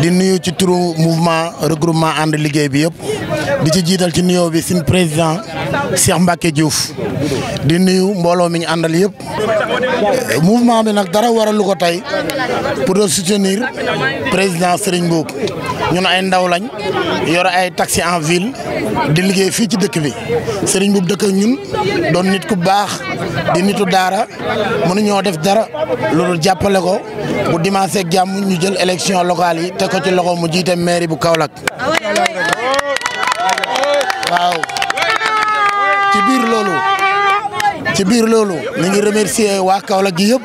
di nuyu ci turu mouvement regroupement ànd liggéey bi yëpp di ci jiital ci nuyoo bi suñ président Cheikh Mbacke Diouf di nuyu mbooloo mi ñu àndal yëpp mouvement bi nag dara waralu ko tey pour de soutenir président Serigne Mboup ñun ay ndaw lañ yor ay taxi en ville di liggéey fii ci dëkk bi Serigne Mboup dëkk ñun doon nit ku baax di nitu daara mënuñoo def dara loolu jàppale ko bu dimanche ak jàmm ñu jël élection locale yi ko ci loxo mu jiite mairie bu Kaolack ah ah waaw ci biir loolu ci biir loolu ñu ngi remercier waa Kaolack gi yëpp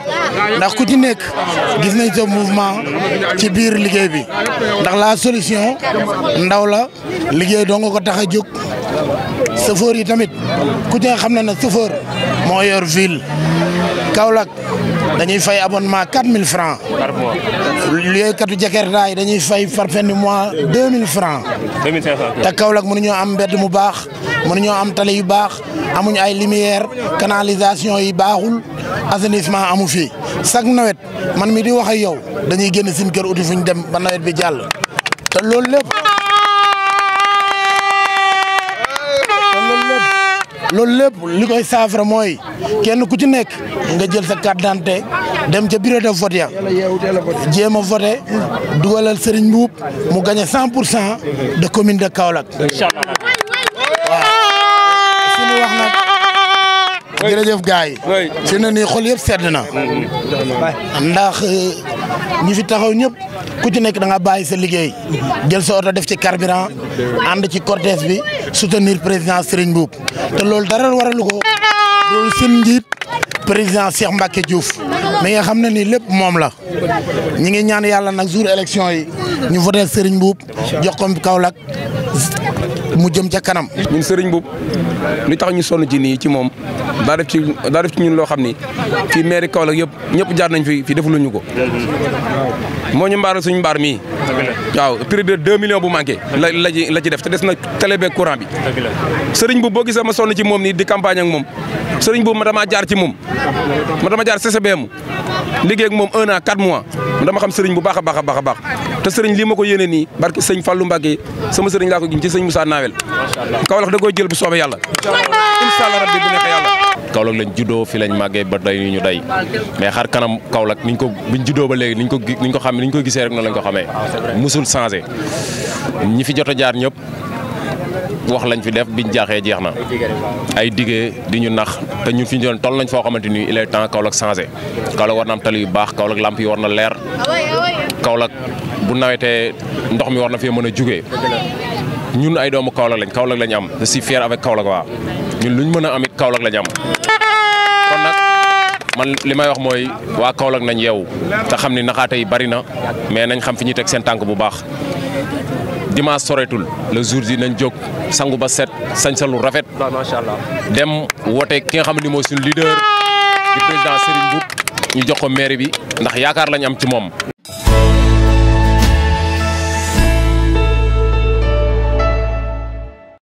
ndax ku ci nekk gis nañ sa mouvement ci biir liggéey bi ndax la solution ndaw la liggéey doo nga tax a jóg chauffeur yi tamit ku ci nga xam ne na chauffeur moo yor ville Kaolack dañuy fay abonnement 4000 francs par mois liggéeykatu Jakarta yi dañuy fay par fin du mois 2000 francs te Kaolack mënuñoo am mbedd mu baax mënuñoo am tali yu baax amuñ ay lumière canalisation yi baaxul assainissement amu fi chaque nawet man mi di wax ak yow dañuy génn sin kër uti fuñ dem ba nawet bi jàll te loolu lépp loolu lépp li koy saafara mooy kenn ku ci nekk nga jël sa carte dem ca bureau de vote ya jéem a voté dugalal Serigne Mboup mu gagné 100 pour cent de commune de Kaolack. jërëjëf gars yi. fi na nii xol yëpp sedd na. ndax euh, ñi fi taxaw ñëpp ku ci nekk da nga bàyyi sa liggéey. jël soo oto def ci carburant ànd ci cortège bi soutenir président Serigne Mboup te loolu dara waralu ko loolu seen njiit président Cheikh Mbacke Diouf mi nga xam na ni lépp moom la ñi ngi ñaan yàlla nag jour élection yi ñu voté Serigne Mboup jox ko mu jëm ca kanam. ñun sëriñ boobu li tax ñu sonn ci nii ci moom daa def ci daa def ci ñun loo xam ni fii mairie Kaolack yëpp ñëpp jaar nañ fi fi ko. moo ñu mbaaral suñu mbaar mii. waaw près de deux millions bu manqué. la la ci la def te des na télé beeg courant bi. sëriñ boobu boo gisee ma sonn ci moom nii di campagne ak moom sëriñ boobu ma damaa jaar ci moom. ma dama jaar CCBM liggéey ak moom un an mois. dama xam sëriñ bu baax a baax a baax a baax te sëriñ lii ma ko yéene nii barke sëñ Fallou Mbacke sama sëriñ laa ko giñ ci sëñ Moussa Nawel Kaolack da koy jël bu soobee yàlla incha allah rabbi lañ juddoo fi lañ màggee ba day ñu day mais xar kanam Kaolack niñ ko buñ juddoo ba léegi niñ ko niñ ko xam niñ ko gisee rek noonu lañ ko xamee musul changé ñi fi jot a jaar ñëpp wax lañ fi def biñ jaaxee jeex na ay diggee di ñu nax te ñun fi ñu tol nañ foo xamante ni il est temps Kaolack changé Kaolack war na am tali yu baax Kaolack lamp yi war na leer Kaolack bu nawetee ndox mi war na fee mën a jugee ñun ay doomu Kaolack lañ Kaolack lañ am si feer fier avec Kaolack waa ñun luñ mën a amit it Kaolack lañ am man li may wax mooy waa kawlak nañ yeewu te xam ni naxaate yi bari na mais nañ xam fi ñuy teg seen tànk bu baax dimanche soreetul le jour ji nañ jog sangu ba set sañ sa lu rafet. macha allah dem woote ki nga xam ne mooy suñu leader di président Serigne Mboup ñu jox ko mairie bi ndax yaakaar lañ am ci moom.